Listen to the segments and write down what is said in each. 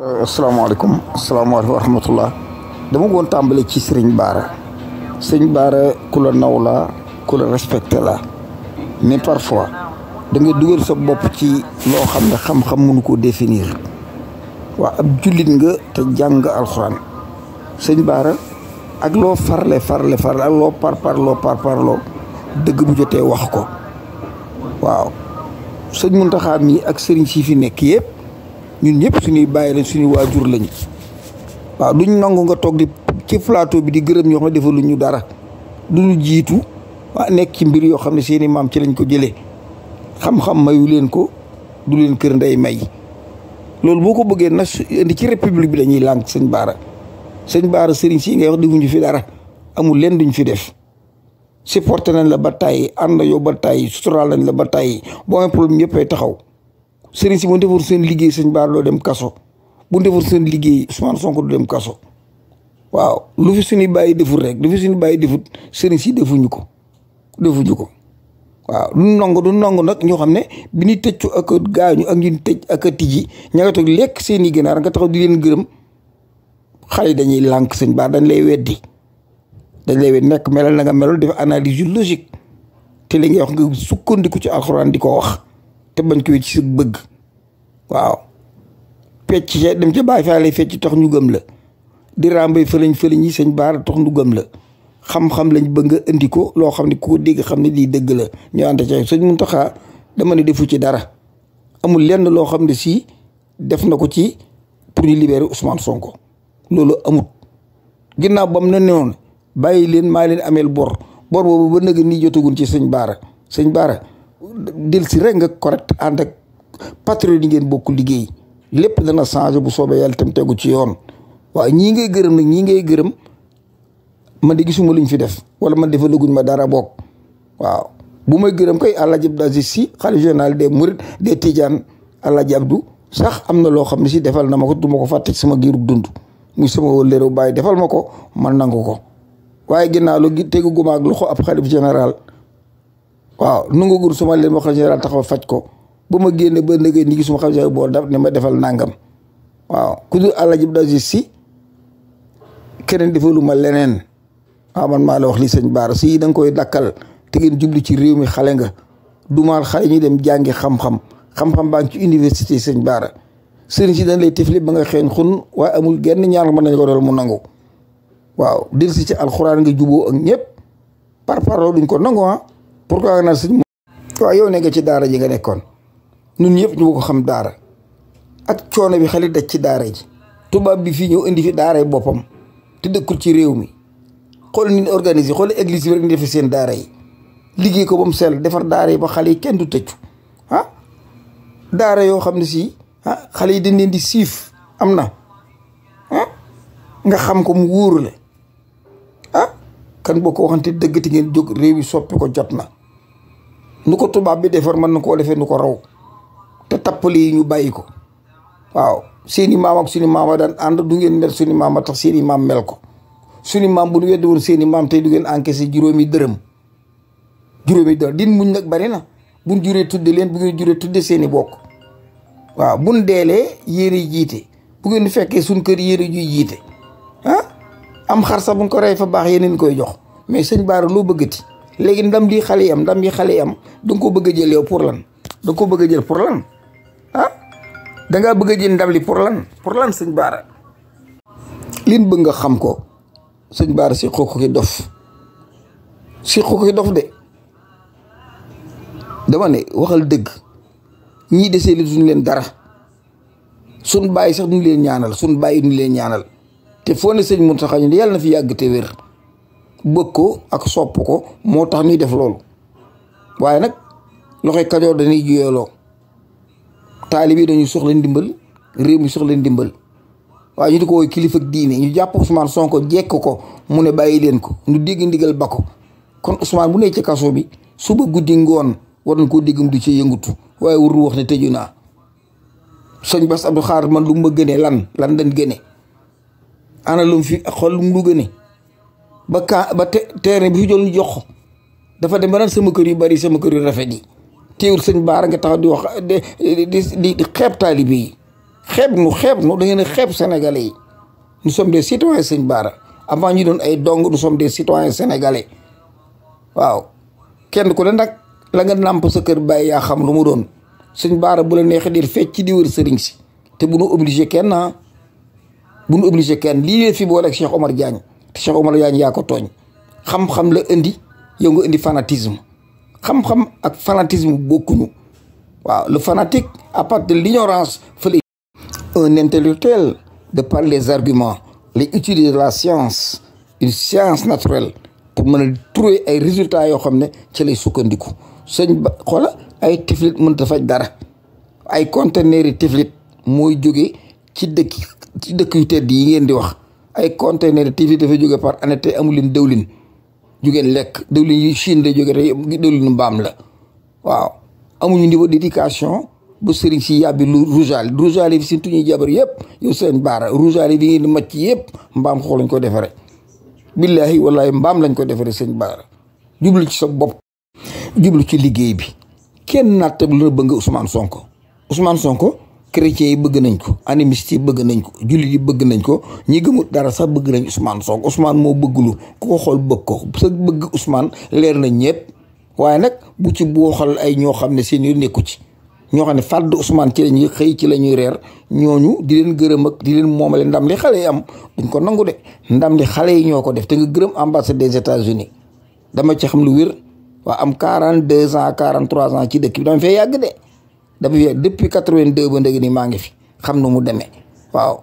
Euh, asalaamaaleykum asalaamaaleykum wa rahmatullah dama goon tàmbale ci sëriñ baara sëriñ baara ku la naw la ku la respecté la mais parfois dangay nga dugal sa bopp ci loo xam ne xam-xam mënu koo waa ab jullit nga te jàng alxuraan sëriñ baara ak loo farle farle farle ak loo parparloo parparloo dëgg bu jotee wax ko waaw sëñ Muntaxa mi ak sëriñ si fi nekk yëpp ñun ñëpp suñuy bàyyi lañ suñuy waajur lañ waaw duñ nangu nga toog di ci flaato bi di gërëm ñoo xam ne defaluñ ñu dara du jiitu waa nekk ci mbir yoo xam ne seeni maam ci lañ ko jëlee xam-xam mayu leen ko du leen kër ndey may loolu boo ko bëggee na indi ci république bi dañuy lànk sëñ baara sëñ baara sëriñ si ngay wax defuñu fi dara amul leen duñ fi def supporté nañ la ba tàyyi ànd yow ba tàyyi suturaal nañ la ba tàyyi boo amee problème yëppay taxaw sëriñ si bu deful seen liggéey sëñ Bara doo dem kaso bu deful seen liggéey Ousmane Sonko du dem kaso waaw lu fi suñu bàyyi deful rek lu fi suñu bàyyi deful sëriñ si defuñu ko defuñu ko waaw lu nongo du nongo nag ñoo xam ne bi ñu tëccu ak gaañu ak ñu tëj ak a tijji ña nga toog lekk seen i ganaar nga tax di leen gërëm xay dañuy lànk sëñ Bara dañ lay weddi dañ lay weddi nekk melal na nga melal def analyse yu logique te li ngay wax nga sukkandiku ci alxuraan di ko wax te bañ ko ci ci bëgg waaw fecc ca dem ca Baay Faal lay fecc tax ñu gëm la di ràmbay fëlañ fëlañ yi sañ baara tax ñu gëm la xam-xam lañ bëgg nga indi ko loo xam ne ko dégg xam ne lii dëgg la ñu ànd ca sëñ Muntaxa dama ne defu ci dara amul lenn loo xam ne si def na ko ci pour ñu libérer Ousmane Sonko loolu amut ginnaaw bam na newoon bàyyi leen maa leen ameel bor bor boobu ba nëg nii jotagun ci sëñ baara sëñ baara del si rek nga correct ànd ak patriote ngeen bokk liggéey lépp dana changé bu soobee yàlla tam tegu ci yoon waaye ñii ngay gërëm nag ñii ngay gërëm ma de gisuma luñ fi def wala ma defa ma dara bokk waaw bu may gërëm koy Alaaji Abdou Aziz Sy xalifa général des Mourides des Tidiane Alaaji Abdou sax am na loo xam ne si defal na ma ko du ma ko fàtte sama giirug dund muy sama wëllërew bàyyi defal ma ko man nangu ko waaye ginnaaw lu tegu gumaag loxo ab xalif général waaw nangu gur su ma leen ma xam taxaw faj ko ba ma génne ba ndëgee ni gi suma xam général boo daf ne ma defal nàngam waaw ku dul Alaaji Abdou Si keneen defalu ma leneen waaw man maa la wax li sëñ Baara si da nga koy dakkal te ngeen jublu ci réew mi xale nga dumaal xale ñu dem jàngi xam-xam xam-xam baa ngi ci université sëñ Baara sëriñ si dañ lay tifli ba nga xeen xun waaye amul genn ñaar mën nañ ko dool mu nangu waaw dil si ci alxuraan nga juboo ak ñëpp par parlo duñ ko nangu ah. pour pourquoi nag si waaw yow ne nga ci daara ji nga nekkoon ñun yëpp ñu ko xam daara ak coono bi xale daj ci daara ji tubaab bi fii ñëw indi fi daara yi boppam te dëkkul ci réew mi xool ni organise xool église bi rek ñu seen daara yi liggéey ko ba mu sell defar daara yi ba xale yi kenn du tëccu ah daara yoo xam ne si ah xale yi dañ leen di siif am na ah nga xam ko mu wóorule ah kan boo ko dëgg dëggati ngeen jóg réew yi soppi ko jot na nu ko tubaab bi defar mën na koo defee nu ko raw te tappale yi ñu bàyyi ko waaw seeni maam ak suñu ànd du ngeen suñu maama tax seeni maam mel ko suñu maam bu ñu weddi woon seeni maam tey du ngeen encaissé juróomi dërëm juróomi dërëm din muñ nag bari na buñ juree tudde leen bu ngeen juree tudde seeni bokk waaw bu buñ deelee yéene jiite bu ngeen fekkee suñ kër yéene juy jiite ah am xar sax buñ ko rey fa baax yeneen koy jox mais sëñ Baara loo bëggati léegi ndam di xale yi ndam yi xale yi am da nga bëgg a jël pour lan ah? da nga bëgg jël pour lan ah da ngaa bëgg ndam li pour lan pour lan sëñ Baara. liñ bëgg nga xam ko sëñ Baara si xook ko ki dof si xoo ko dof de dama ne waxal dëgg ñii desee li duñ leen dara sun bàyyi sax duñ leen ñaanal sun bàyyi duñ leen ñaanal te foo ne sëñ Mountakha ñu ne yàlla na fi yàgg te wér. bëgg ko ak sopp ko moo tax nuy def loolu waaye nag loxoy kajoor dañuy juyeeloo taalib yi dañuy soxla ndimbal réew mi soxla ndimbal waaye ñu di ko woy kilifa ak diine ñu jàpp Ousmane Sonko jekk ko mu ne bàyyi leen ko ñu dégg ndigal ba ko kon Ousmane bu ne ci kaso bi suba guddi ngoon war nañ koo déggum du ci yëngutu waaye warul wax ne tëju naa sëñ Bass Abdou xaar man lu mu ma lan lan dañ gëne ana lum mu fi xol lu lu gëne ba ka ba te terrain bi fi doon jox dafa dem ba naan sama kër yu bari sama kër yu rafet yi teewul sëñ Baara nga taxaw di wax di di di xeeb taalibe yi xeeb nu xeeb nu da ngeen a xeeb yi nous sommes des citoyens sëñ Baara avant ñu doon ay dong nous sommes des citoyens sénégalais waaw kenn ku ne nag la nga nàmp sa kër bàyyi yaa xam lu mu doon sëñ Baara bu la neexee di fecc ci di wër sëriñ si te bu nu obligé kenn ah. bu nu obligé kenn lii leen fi boole ak Cheikh Omar Diagne. te Cheikh Omar Diagne yaa ko tooñ xam-xam la indi yow nga indi fanatisme xam-xam ak fanatisme bokkuñu waaw le fanatique à part de l'ignorance fële un intellectuel de par les arguments les utiliser la science une science naturelle pour mën a trouver ay résultats yoo xam ne ci lay sukkandiku sëñ ba xoola ay tiflit mënut a dara ay conteneurs yi tiflit mooy jóge ci dëkk ci dëkk yu tedd yi ngeen di wax ay conteneur TV dafa jóge par année te leen dëwlin jugeen lekk dëwlin yi Chine da jóge te dëwlinu mbaam la waaw amuñu niveau d'éducation bu sëriñ si yàbbi lu rougeal rougeal yi si tuñuy jabar yëpp yow seen baara rougeal yi di ngeen di màcc yëpp mbaam xool lañ ko defaree billahi wallahi mbaam lañ ko defaree seen baara jublu ci sa bopp jublu ci liggéey bi kenn nattab lu la bëgg Ousmane Sonko Ousmane Sonko chrétien yi bëgg nañ ko animiste yi bëgg nañ ko jullit yi bëgg nañ ko ñi gëmul dara sax bëgg nañ Ousmane Sonko Ousmane moo bëgglu ku ko xool bëgg ko sa bëgg Ousmane leer na ñëpp waaye nag bu ci boo xool ay ñoo xam ne seen yu nekku ci ñoo xam ne fàdd Ousmane ci la ñuy xëy ci la ñuy reer ñooñu di leen gërëm ak di leen moomale ndam li xale yi am duñ ko nangu de ndam li xale yi ñoo ko def te nga gërëm ambassade des États-Unis dama ci xam lu wér waa am quarante deux ans quarante trois ci dëkk bi dama yàgg de damay depuis quatre-vingt-deux ba ndegi nii maa ngi fi xam na mu demee waaw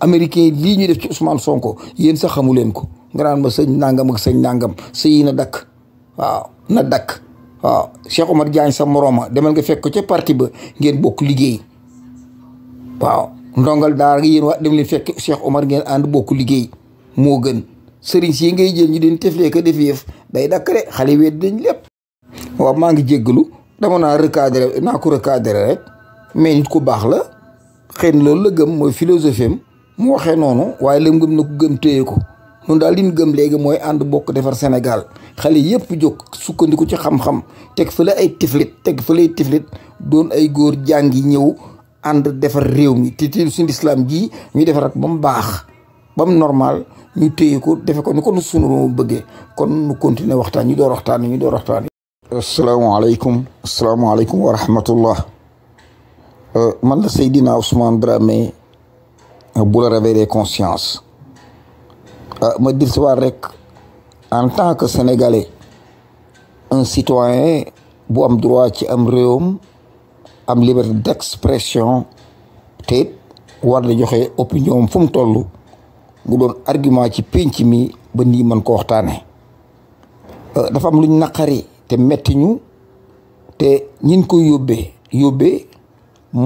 américain lii ñu def ci Ousmane Sonko yéen sax xamu leen ko nga naan ma sëñ nangam ak sëñ nangam sëyi na dakk waaw na dakk waaw Cheikh Omar Diagne sa morooma demal nga fekk ko ca parti ba ngeen bokk liggéey waaw ndongal daal yéen waa dem leen fekk Cheikh Omar ngeen ànd bokk liggéey moo gën sëriñ si ngay jël ñu den teflee ko def yëf day dakk de xale weet dañ lépp waaw maa ngi jéggalu dama naa recadré naa ko recadré rek mais nit ku baax la xëy na loolu la gëm mooy philosophie am mu waxee noonu waaye lam gëm na ko gëm téye ko noonu daal liñ gëm léegi mooy ànd bokk defar Sénégal xale yëpp jóg sukkandiku ci xam teg fële ay tiflit teg fële ay doon ay góor jàngi ñëw ànd defar réew mi te su lislaam ji ñu defaraat ba mu baax ba mu normal ñu téye ko defe ko ni ko nu sunu bëggee kon nu continuer waxtaan ñu door waxtaan ñu door waxtaan asalaamaaleykum asalaamaaleykum wa rahmatullah euh, man la Seydina Ousmane Dramé euh, bu la conscience euh, ma dir rek en tant que sénégalais un citoyen bu am droit ci am réewam am liberté d'expression te it war na joxe opinion fu mu toll mu doon argument ci pinc mi ba nii mën ko waxtaane dafa am lu naqari te metti ñu te ñin koy yóbbee yóbbe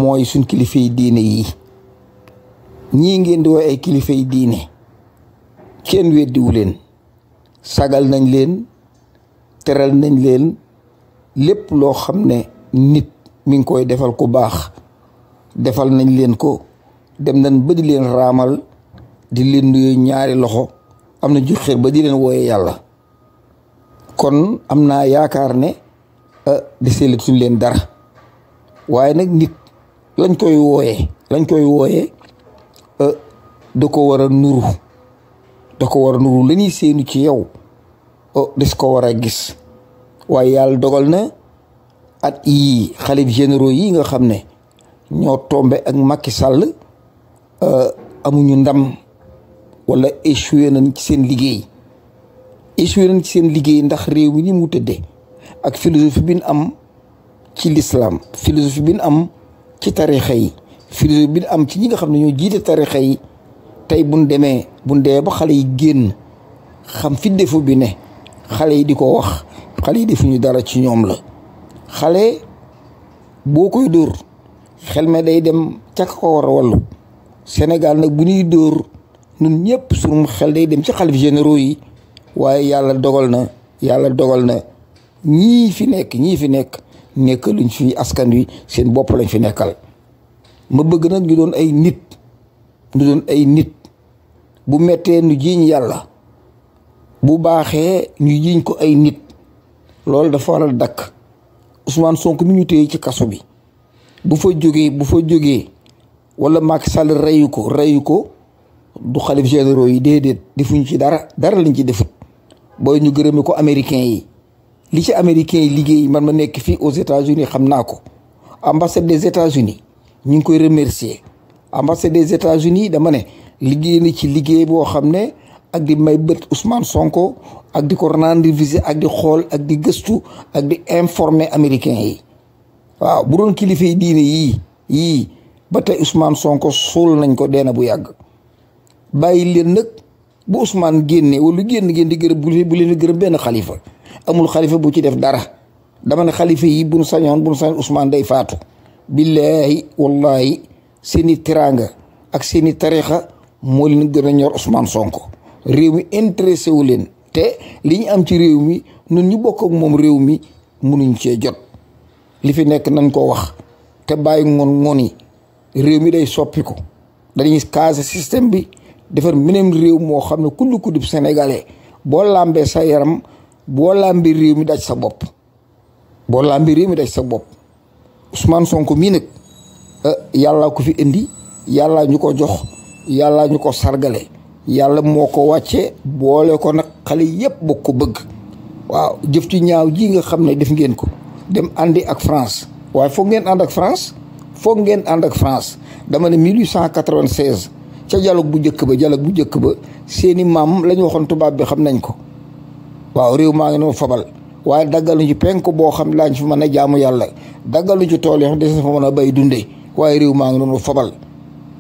mooy suñ kilifa yi diine yi ñii ngeen di woo ay kilifa yi diine kenn weddiwu leen sagal nañ leen teral nañ leen lépp loo xam ne nit mi ngi koy defal ku baax defal nañ leen ko dem nañ ba di leen raamal di leen duy ñaari loxo am na ju xër ba di leen wooye yàlla kon am naa yaakaar ne ah, deseelatuñ leen dara waaye nag nit lañ koy wooyee lañ koy wooyee ah, da ko war a nuru da ko war a nuru la ñuy séenu ci yow ah, des ko war a gis waaye yàlla dogal na at i xalif généraux yi nga xam ne ñoo tombe ak Macky Sall amuñu ndam wala échoué nañ ci seen liggéey échoué nañ ci seen liggéey ndax réew mi ni mu tëddee ak philosophie bi ñu am ci lislaam philosophie biin am ci tarixa yi philosophie bi am ci ñi nga xam ne ñoo jiite tarixa yi tey buñ demee buñ demee ba xale yi génn xam fi defu bi ne xale yi di ko wax xale yi di ñu dara ci ñoom la xale boo koy dóor xel me day dem càkk ko war a wàllu Sénégal nag bu ñuy dóor ñun ñëpp suñu xel day dem ci xalif généraux yi waaye yàlla dogal na yàlla dogal na ñii fi nekk ñii fi nekk nekkaluñ fi askan wi seen bopp lañ fi nekkal ma bëgg nag ñu doon ay nit ñu doon ay nit bu mettee nu jiiñ yàlla bu baaxee ñu jiiñ ko ay nit loolu dafa war dakk Ousmane Sonko mi ñu téye ci kaso bi bu fa jógee bu fa jógee wala Macky sal reyu ko reyu ko du xalif généraux yi déedéet defuñ ci dara dara lañ ci defut booy ñu gërëme ko américain yi li ci américains yi liggéey man ma nekk fii aux États-Unis xam naa ko ambassade des États-Unis ñu ngi koy remercier ambassade des États-Unis dama ne liggéey na ci liggéey boo xam ne ak di may bët Ousmane Sonko ak di ko rendre ak di xool ak di gëstu ak di informer américains yi waaw bu doon kilifa yi diine yii yii ba tey Ousmane Sonko suul nañ ko deena bu yàgg bàyyi leen nag bu Ousmane génnee wala génn génn di gërëb bu leen di gërëm benn xalifa amul xalifa bu ci def dara dama ne xalifa yi bu nu sañoon bu nu sañoon Ousmane day faatu. billaahi wallaahi seeni teraanga ak seeni tariixa moo leen gën a ñor Ousmane Sonko réew mi intéressé wu leen te li ñu am ci réew mi nun ñu bokk moom réew mi munuñ cee jot li fi nekk nañ koo wax te bàyyi ngoon ngoon yi réew mi day soppi ko dañuy kaase système bi. defar meneen réew moo xam ne kullu kudub sénégalais boo lambee sa yaram boo làmbee réew mi daj sa bopp boo làmbee réew mi daj sa bopp Ousmane Sonko mii nag eh, yàlla ko fi indi yàlla ñu ko jox yàlla ñu ko sargale yàlla moo ko wàccee boole ko nag xale yépp bokk ko bëgg waaw jëf ci ñaaw ji nga xam ne def ngeen ko dem àndi ak France waaye foog ngeen ànd ak France foog ngeen ànd ak France dama ne 1896 ca jaloog bu njëkk ba dialogue bu njëkk ba seeni maam la ñu waxoon tubaab bi xam nañ ko waaw réew maa ngi ne ma fabal waaye daggaluñ ci penk boo xam laañ fi mën a jaamu yàlla daggaluñ ci tool yoo xam des fa mën a bay dundee waaye réew maa ngi noonu fabal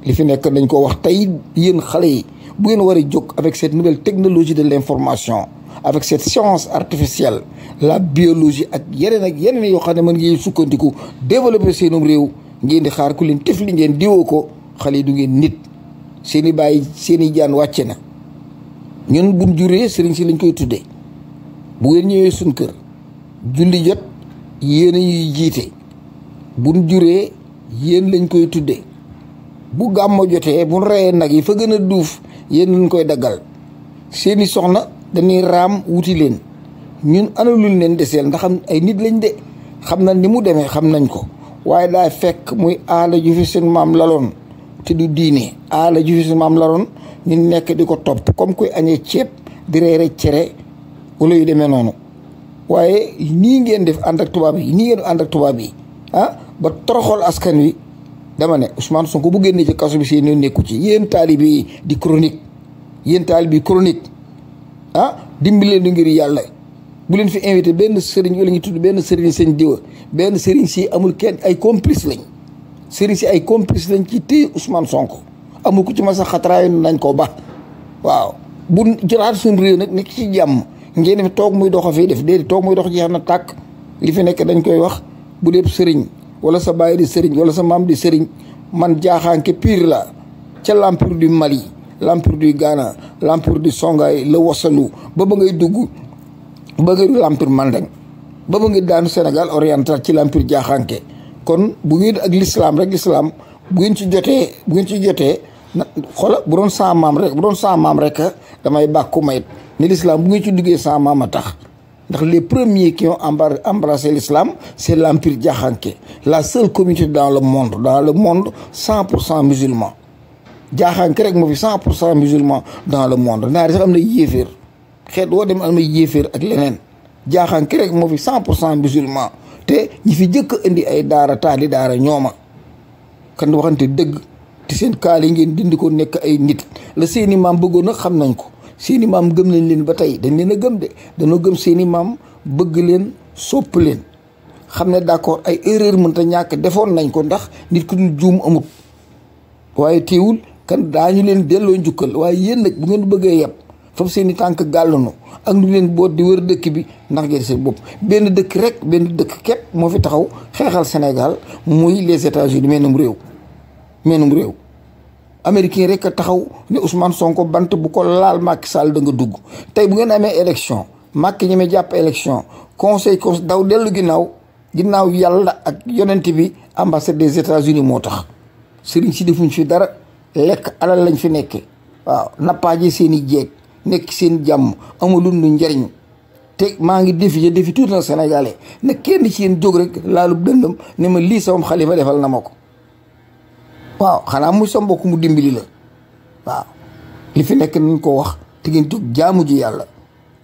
li fi nekk dañ koo wax tey yéen xale yi bu ngeen war a jóg avec cette nouvelle technologie de l'information avec cette science artificielle la biologie ak yeneen ak yeneen yoo xam ne mën ngi sukkandiku développer seenum réew ngeen di xaar leen tifli ngeen diwoo ko xale yi du ngeen nit seeni bàyyi seeni jaan wàcce na ñun buñ jure sëriñ si lañ koy tuddee bu ngeen ñëwee suñ kër julli jot yéen a jiite buñ juree yéen lañ koy tuddee bu gàmmo jotee buñ reyee nag yi fa gën a duuf yéen lañ koy daggal seeni soxna dañuy raam wuti leen ñun analul leen deseel ndax ay nit lañ de xam na ni mu demee xam nañ ko waaye daa fekk muy aada ju fi seen maam laloon te du diine a la ji fi maam laroon ñu nekk di ko topp comme kuy añee ceeb di reere cere wala yu demee noonu waaye nii ngeen def ànd ak tubaab yi nii ngeen ànd ak tubaab yi ah ba toroxal askan wi dama ne Ousmane Sonko bu génnee ci kaso si ne nekku ci yéen taalibe yi di chronique yéen taalibe yi chronique ah dimbali leen ngir yàlla bu leen fi invité benn sëriñ wala tudd benn sëriñ seen diwa benn sëriñ si amul kenn ay complice lañ sëriñ si ay complice lañ ci téye Ousmane Sonko amul ku ci ma masa xatraay nañ ko ba waaw bu jëlaat suñ réew nag nekk ci jàmm ngeen fi toog muy dox a fii def déedéet toog muy dox jeex na tàkk li fi nekk dañ koy wax bu dee sëriñ wala sa baay di sëriñ wala sa maam di sëriñ man jaaxaanke piir la ca l'empire di Mali l'empire du Ghana l'empire du Songhai la wasalu ba ba ngay dugg ba ngay l'empire Mandeng ba ba ngay daanu Sénégal oriental ci l'empire jaaxaanke kon bu ngeen ak lislaam rek lislaam bu ngeen ci jotee bu ngeen ci jotee na xoola bu doon sa maam bu doon sa rek damay bàkku mayit ne lislaam bu ngeen ci duggee sa maam a tax ndax le les premiers qui ont embrassé l'islam c'est l'empire Diakhanké la seule communauté dans le monde dans le monde cent pour cent musulman Diakhanké rek moo fi cent pour cent musulman dans le monde naar sax am na yéeféer xeet woo dem am na yéeféer ak leneen Diakhanké rek moo fi cent pour cent musulman te ñi fi jëkk indi ay daara taali daara ñooma kan waxante dëgg te seen kaal yi ngeen dindi ko nekk ay nit la seeni maam bëggoon a xam nañ ko seeni maam gëm nañ leen ba tey dañ leen a gëm de dañoo gëm seeni maam bëgg leen sopp leen xam ne d'accord ay erreur mënta ñàkk defoon nañ ko ndax nit ku dul juum amut waaye teewul kan daañu leen delloo njukkal waaye yéen bu ngeen bëggee yeb fab seeni tànk gàllanu ak ñu leen boot di wër dëkk bi ndax ngeen seen bopp benn dëkk rek benn dëkk képp moo fi taxaw xeexal Sénégal muy les États-Unis mu réew meenum réew américain rek a taxaw ne Ousmane Sonko bant bu ko laal Macky Sall da nga dugg tey bu ngeen amee élection Macky ñeme jàpp élection conseil cons daw dellu ginnaaw ginnaaw yàlla ak yonent bi ambassade des États-Unis moo tax sëriñ si defuñ fi dara lekk alal lañ fi nekke waaw nappaaje seeni jeeg nekk seen jàmm amulun nu njariñ te maa ngi défi je défi tout un sénégalais ne kenn ci yéen jóg rek laalub dëndam ne ma lii sama xalifa defal na ma ko waaw xanaa mu sa mbokk mu dimbali la waaw li fi nekk nañ ko wax te ngeen jóg ji yàlla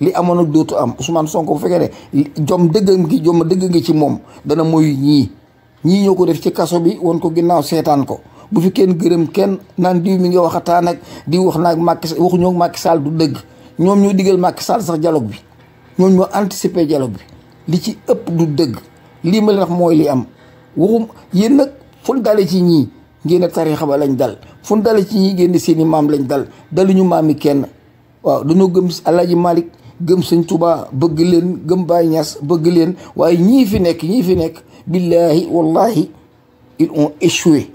li amoon dootu am Ousmane Sonko bu fekkee ne jom dëgg ngi dëgg nga ci moom dana moy ñii ñii ñoo ko def ci kaso bi won ko ginnaaw seetaan ko bu fi kenn gërëm kenn naan diw mi ngi waxataan ak di wax naag Macky waxuñoo Macky Sall du dëgg ñoom ñoo digal Macky Sall sax dialogue bi ñoom ñoo anticiper dialogue bi li ci ëpp du dëgg lii ma leen mooy am waxum yéen nag fun dale ci ñii ngeen a tarixa ba lañ dal fun dale ci ñii ngeen seeni maam lañ dal daluñu maami kenn waaw dañoo gëm Alaaji Malick gëm sëñ Tuubaa bëgg leen gëm Baay Ñas bëgg leen waaye ñii fi nekk ñii fi nekk billaahi wallaahi ils ont échoué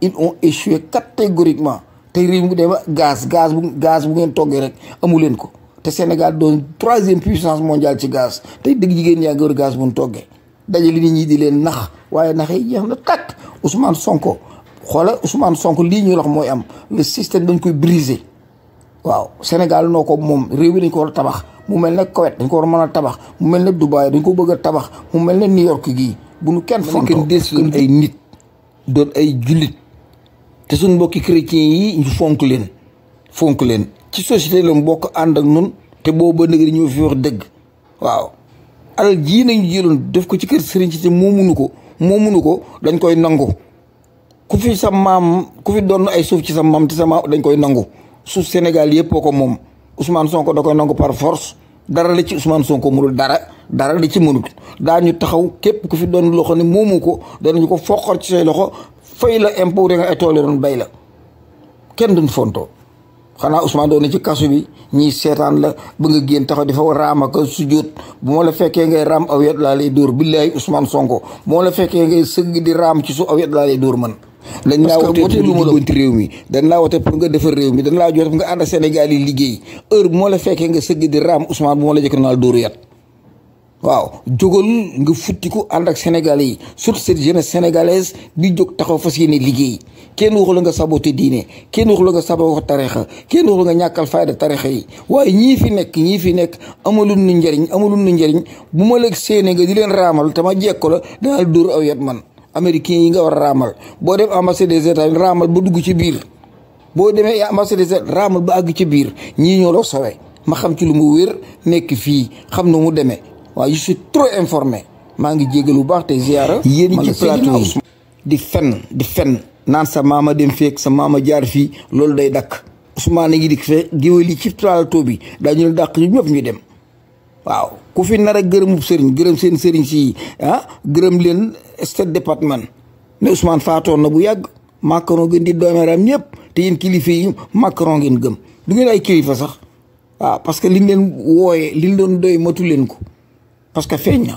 ils ont échoué catégoriquement te réew mu dema gaz gaz bu gaz bu ngeen toggee rek amu leen ko te Sénégal doon troisième puissance mondiale ci gaz tey dëgg jigéen yaa ngi war gaz bu ñu toggee daje li nit ñi di leen nax waaye nax yeex na tàkk Ousmane Sonko xoola Ousmane Sonko lii ñuy wax mooy am le système dañ koy briser waaw Sénégal noo ko moom réew mi dañ ko war a tabax mu mel ne Koweït dañ ko war a mën a tabax mu mel ne Dubaï dañ ko bëgg a tabax mu mel ne New York gii bu nu kenn fonto kenn ay nit doon ay jullit te suñ mbokki chrétien yi ñu fonk leen fonk leen ci société la bokk ànd ak nun te booba nëgëri ñoo fi wax dëgg waaw alal jii nañu jëloon def ko ci kër sëriñ si te moomunu ko moomunu ko dañ koy nangu ku fi sa maam ku doon ay suuf ci sa maam te sa dañ koy nangu suuf Sénégal yëpp ko moom Ousmane Sonko da koy nangu par force dara la ci Ousmane Sonko mënul dara dara la ci mënul daañu taxaw képp ku fi doon loxo xam ne moomu ko danañu ko foqar ci say loxo fay la impôt nga ay tool doon bay la kenn duñ fonto xanaa Ousmane doon na ci kasu bi ñii seetaan la ba nga génn tax di fa raam ak sujjóot bu ma la fekkee nga raam aw yet laa lay dóor billaay Ousmane Sonko bu la fekkee ngay sëgg di raam ci su aw yet laa lay man dañ laa wote pour jubbanti réew mi dañ laa nga defar réew mi dañ laa jote pour nga ànd Sénégal yi liggéey heure bu ma la fekkee nga sëgg di raam Ousmane bu ma la jekk naa dóor yat waaw jógal nga futtiku ànd ak sénégalais yi surtout set jeunesse sénégalaise bi jóg taxaw fa yéene liggéey kenn waxu la nga saboté diine kenn waxu la nga saboté tarixa kenn waxu nga ñàkkal fayda tarixa yi waaye ñii fi nekk ñii fi nekk amalun nu njëriñ amalun nu njëriñ bu ma leg séené nga di leen raamal te ma jekko la danaa dóor aw yat man américains yi nga war raamal boo dem ambassade des États-Unis raamal ba dugg ci biir boo demee ambassade des États-Unis raamal ba àgg ci biir ñii ñoo la sowe ma xam ci lu mu wér nekk fii xam na mu demee waaye je suis trop informé maa ngi jégal bu baax te ziara. yéen ci plateau yi di fenn di fenn naan sa maama dem feek sa maama jaar fii loolu day dakk Ousmane ngi di fe géwél yi ci plateau bi dañu leen dàq ñu ñëpp ñu dem waaw ku fi nar a gërëmub sëriñ gërëm seen sëriñ si ah gërëm leen state département mais Ousmane faatoon na bu yàgg Macron gën di doomeeram ñëpp te yéen kilifa yi Macron gëm du ngeen ay kilifa sax waaw parce que liñ leen wooyee liñ doon doy matu leen ko parce que feeñ na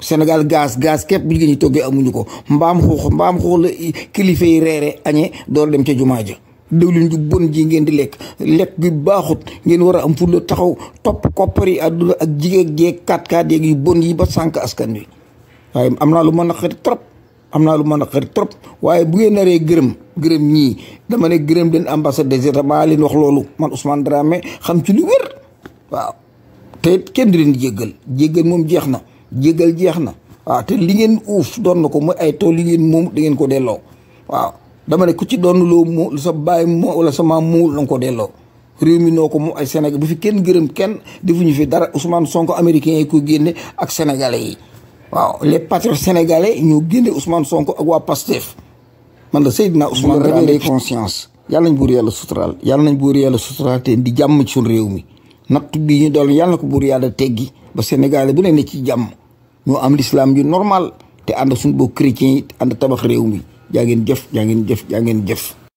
Sénégal gaz gaz képp bu jigéen ñi toggee amuñu ko mbaam xuux mbaam xuux la kilifa yi reere añee doo dem ca jumaa ja diwlin ju bon ji ngeen di lekk lekk bi baaxut ngeen war a am fulla taxaw topp koppari àdduna ak jigéen jeeg kat kat yeeg yu bon yi ba sànq askan wi waaye am naa lu mën a xarit trop am naa lu mën a xarit trop waaye bu ngeen naree gërëm gërëm ñii dama ne gërëm den ambassade des États maa leen wax loolu man Ousmane Dramé xam ci lu waaw te kenn di leen jéggal jéggal moom jeex na jéggal jeex na waa te li ngeen uuf doon na ko mooy ay tool li ngeen moom da ngeen ko delloo waaw dama ne ku ci doon loo mu sa baay mu wala sa maam mu la ko delloo réew mi noo ko mu ay Sénégal bu fi kenn gërëm kenn ñu fi dara Ousmane Sonko américain yi ko génne ak sénégalais yi waaw les patriotes sénégalais ñoo génne Ousmane Sonko ak waa Pastef man la Seydina Ousmane réveiller conscience yàlla nañ buur yàlla suturaal yàlla nañ buur yàlla suturaal te di jàmm ci suñu réew mi natt bii ñu doon yàlla ko buur yàlla teggi ba Sénégal bu ne ne ci jàmm ñoo am lislaam yu normal te ànd suñu boo chrétiens yi ànd tabax réew mi jaa ngeen jëf jaa ngeen jëf jaa ngeen jëf